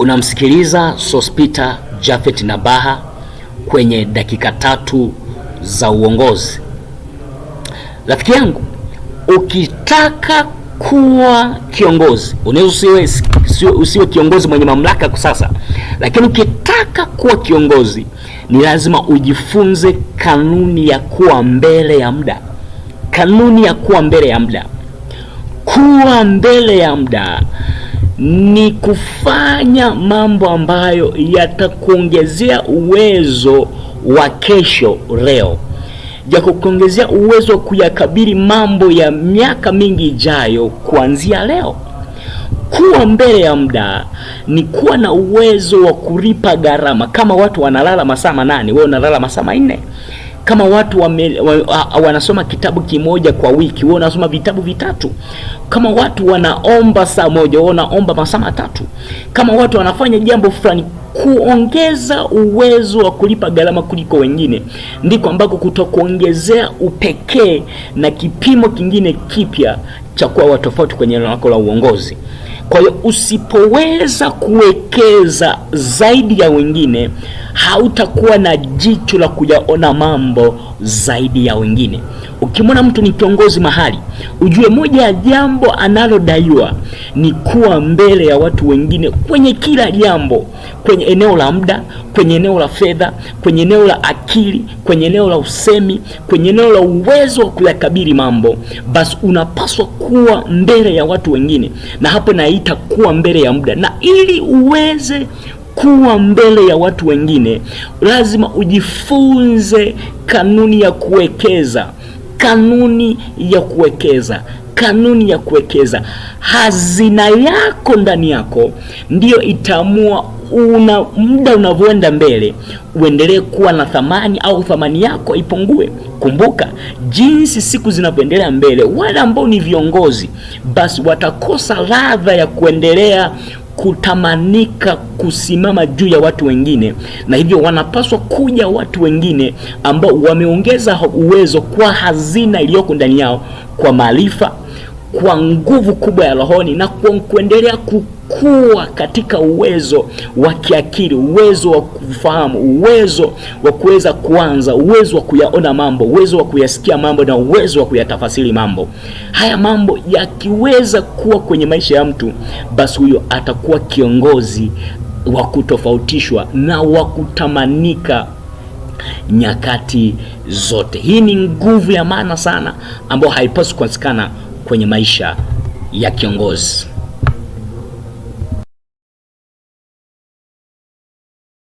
Unamsikiliza Sospita Japhet Nabaha kwenye dakika tatu za uongozi. Rafiki yangu, ukitaka kuwa kiongozi unaweza usiwe, usiwe kiongozi mwenye mamlaka kwa sasa, lakini ukitaka kuwa kiongozi ni lazima ujifunze kanuni ya kuwa mbele ya muda. Kanuni ya kuwa mbele ya muda, kuwa mbele ya muda ni kufanya mambo ambayo yatakuongezea uwezo wa kesho leo, ya kukuongezea uwezo wa kuyakabili mambo ya miaka mingi ijayo kuanzia leo. Kuwa mbele ya muda ni kuwa na uwezo wa kulipa gharama. Kama watu wanalala masaa manane, wewe unalala masaa manne kama watu wame, wa, wa, wanasoma kitabu kimoja kwa wiki, wewe unasoma vitabu vitatu. Kama watu wanaomba saa moja, wewe unaomba masaa matatu. Kama watu wanafanya jambo fulani kuongeza uwezo wa kulipa gharama kuliko wengine, ndiko ambako kutokuongezea upekee na kipimo kingine kipya cha kuwa watofauti kwenye eneo lako la uongozi. Kwa hiyo usipoweza kuwekeza zaidi ya wengine, hautakuwa na jicho la kuyaona mambo zaidi ya wengine. Ukimwona mtu ni kiongozi mahali, ujue moja ya jambo analodaiwa ni kuwa mbele ya watu wengine kwenye kila jambo, kwenye eneo la muda, kwenye eneo la fedha, kwenye eneo la akili, kwenye eneo la usemi, kwenye eneo la uwezo wa kuyakabili mambo. Basi unapaswa kuwa mbele ya watu wengine, na hapo na haitakuwa mbele ya muda, na ili uweze kuwa mbele ya watu wengine, lazima ujifunze kanuni ya kuwekeza, kanuni ya kuwekeza kanuni ya kuwekeza. Hazina yako ndani yako ndiyo itaamua una muda unavyoenda mbele uendelee kuwa na thamani au thamani yako ipungue. Kumbuka jinsi siku zinavyoendelea mbele, wale ambao ni viongozi basi watakosa ladha ya kuendelea kutamanika kusimama juu ya watu wengine, na hivyo wanapaswa kuja watu wengine ambao wameongeza uwezo kwa hazina iliyoko ndani yao, kwa maarifa kwa nguvu kubwa ya rohoni na kuendelea kukua katika uwezo wa kiakili, uwezo wa kufahamu, uwezo wa kuweza kuanza, uwezo wa kuyaona mambo, uwezo wa kuyasikia mambo na uwezo wa kuyatafasiri mambo. Haya mambo yakiweza kuwa kwenye maisha ya mtu, basi huyo atakuwa kiongozi wa kutofautishwa na wa kutamanika nyakati zote. Hii ni nguvu ya maana sana ambayo haipaswi kukosekana kwenye maisha ya kiongozi.